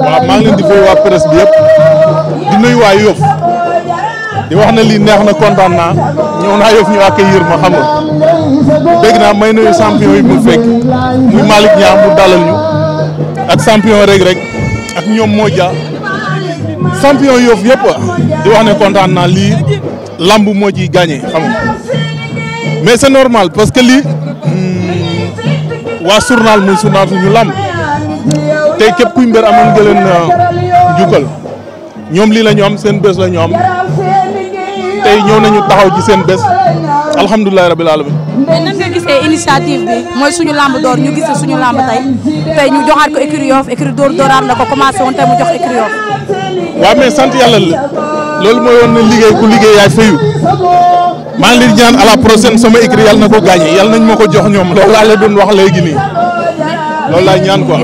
waaw maa ngi di fay waa presse bi yëpp di nuyu waa Yoff di wax na lii neex na kontaan naa ñëw naa Yoff ñu accueillir ma xam nga dégg naa may nuyu champion yi mu fekk muy Malick Niang mu dalal ñu ak champion rek rek ak ñoom moo ja champion Yoff yëpp di wax ne kontaan naa lii lamb moo ciy gagné mais c'est normal parce que lii hmm, waa journal muy journal ñu lamb tey kep kuy mbër amon gelen djugal euh, ñom li la ñu am seen bes la ñu am tey nañu taxaw ci seen bes alhamdulilah rabbil alamin mais nga gisee initiative bi mooy suñu lamb dor ñu gis suñu lamb tey tey ñu ko écurie Yoff écurie dor Dóoraat la ko commencé woon tey mu jox écurie Yoff. waaw mais sant la na ku liggéey yaay feyu maa ngi leen ñaan à prochaine sama na ko gagné nañ ma jox ñoom la wax ñaan quoi.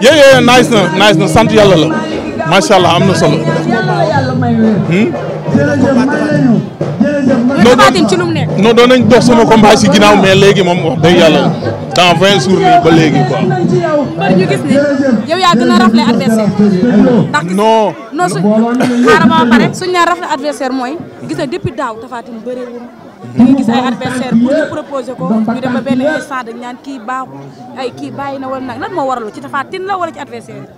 yee yee nice na nice na sant yàlla la macha allah am na solo. Hmm? non doon nañ dox sama combat si ginnaaw mais léegi moom wax dëgg yàlla dans vingt jours nii ba léegi quoi. mbër ñu gis ni yow yaa gën a rafle adversaire. ndax non suñ xaaral ma ba pare suñ naan rafle adversaire mooy gis na depuis daaw Tapha Tine di nga gis ay na wala la wala ci adversaire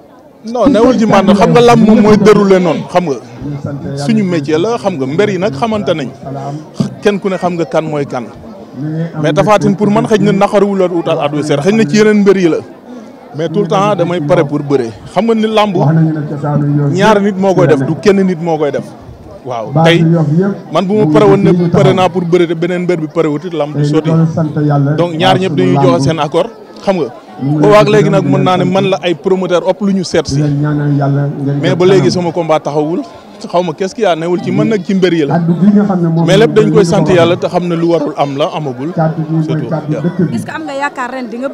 xam nga lamb moom mooy déroulé noonu xam nga ñu métier la xam nga mbër yi nag xamante nañ kenn ku ne xam nga kan mooy kan. mais Tapha Tine pour man xëy na naqaruwul la utal adversaire xëy na ci yeneen mbër yi la. mais tout le temps damay pare pour bëree xam nga ni làmb ñaar nit moo koy def du kenn nit moo koy def. waaw tey man bu ma pare woon ne pare naa pour bëri te beneen mbër bi pare wut it lamb du sotti donc ñaar ñëpp dañuy joxe seen accord xam nga boobaak léegi nag mën naa ne man la ay promoteur ëpp lu ñu seet si mais ba léegi sama combat taxawul geste xaw ma qu'est-ce qu'il a newul ci mën nag ci mbër la mais lépp dañ koy sant yàlla te xam ne lu warul am la amagul surtout est-ce que am nga yaakaar ren di nga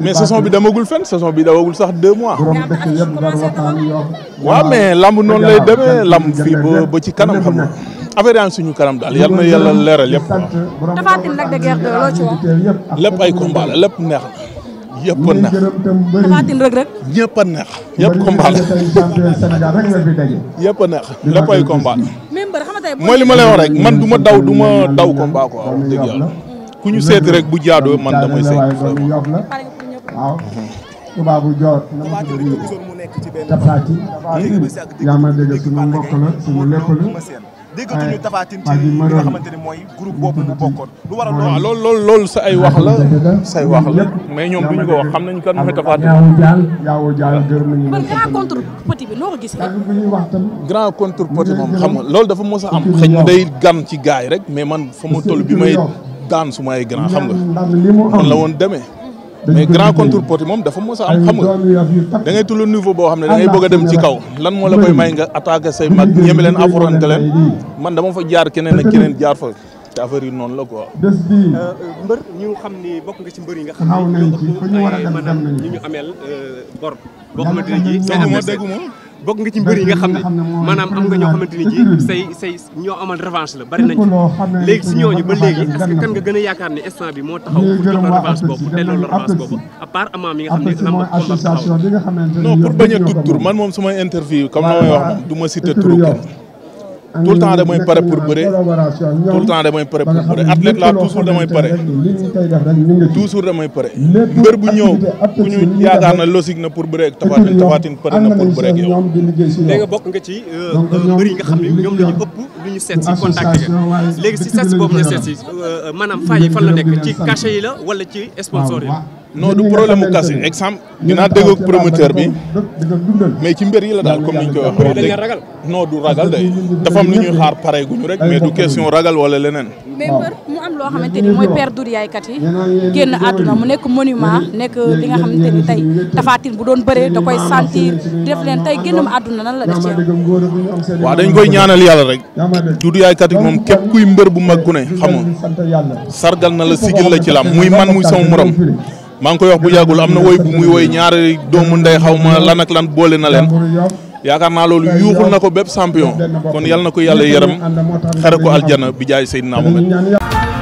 mais saison bi damagul fenn saison bi damagul sax deux mois waaw mais lamb noonu lay demee lamb fii ba ci kanam xam ne affaire yaa ngi suñu kanam daal yal na yàlla leeral yëpp waaw ay combat la lépp neex yëpp a neex. Taphatine Reug Reug. a neex. yëpp combat la yëpp a neex léppay combat. mooy li ma lay wax rek man du ma daw du ma daw combat quoi wax dëgg yàlla. ku ñu seeti rek bu jaadoo man damay seet vraiment. tubaabu joor Taphatine yaa ma dégg suñu mbokk la suñu lépp la. déggatuñu Tapha Tine ci li nga xamante ni mooy groupe boobu mu bokkoon lu waral loolu. waaw lool lool loolu sa ay wax la say wax la mais ñoom duñu ko wax xam nañu kan mooy Tapha Tine. man grand contre petit bi noo ko gis grand contre petit moom xam nga loolu dafa ma a am xëy na day gan ci gaay rek mais man fa ma toll bi may daan su ay grand xam nga man la woon demee. mais grand contour poti moom dafa mos am xam nga da ngay tullu niveau boo xam ne da ngay a dem ci kaw lan moo la koy may nga attaqué say mag ñeme leen affronté leen man dama fa jaar keneen ak keneen jaar fa te affaire yi noonu la ko euh, euh, mbër ñu xam ni bokk nga ci mbër yi nga xam ne ñoo ëpp ay maanaam ñu ñu ameel bor boo xamante ne ji. dégguma dégguma bokk nga ci mbër yi nga xam ne maanaam am nga ñoo xamante ni ji say say ñoo amal revanche la bari nañ ci léegi si ñooñu ba léegi est yaakaar ne instant bi moo taxaw pour jox la revanche boobu pour delloo la revanche boobu à part amaam yi nga xam ne lamb combat taxaw non pour bañ a tudd tur man moom sumay interview comme na may wax moom du ma cité tout le temps damay pare pour bëre tout le temps damay pare pour bëre athlète la toujours damay damay pare mbër bu ñëw ku ñu yaakaar na logique na pour bëre ak Taphatine Taphatine pare na pour bëre ak yow. léegi nga bokk nga ci euh, euh, mbër yi nga xam ne ñoom la ëpp lu ñu seet contact yi léegi si seet boobu ñu seet si euh, maanaam yi fan la nekk ci cachet yi la wala ci sponsor yi. non du problème mu casting exemple dinaa déggoog promoteur bi mais ci mbër yi la daal comme ni ñu koy waxee. ragal non du ragal am lu ñuy xaar pare guñu rek mais du question ragal wala leneen. mais mbër mu am loo xamante ni mooy père Douriaykat yi génn àdduna mu nekk monument nekk li xamante ni tey tafaatin bu doon bëree da koy sentir def leen tey génnum àdduna nan la def ci yow. waaw dañ koy ñaanal yàlla rek Douriaykat yi moom képp kuy mbër bu mag gu ne xam sargal na la sigil la ci lam muy man muy maa ngi koy wax bu yàggul am na woy bu muy woy ñaari doomu ndey xaw ma lan ak lan boole na leen yaakaar naa loolu yuuxul na ko bépp sampion kon yal na ko yàlla yaram xere ko aljana bi jaay Seydina Mohamed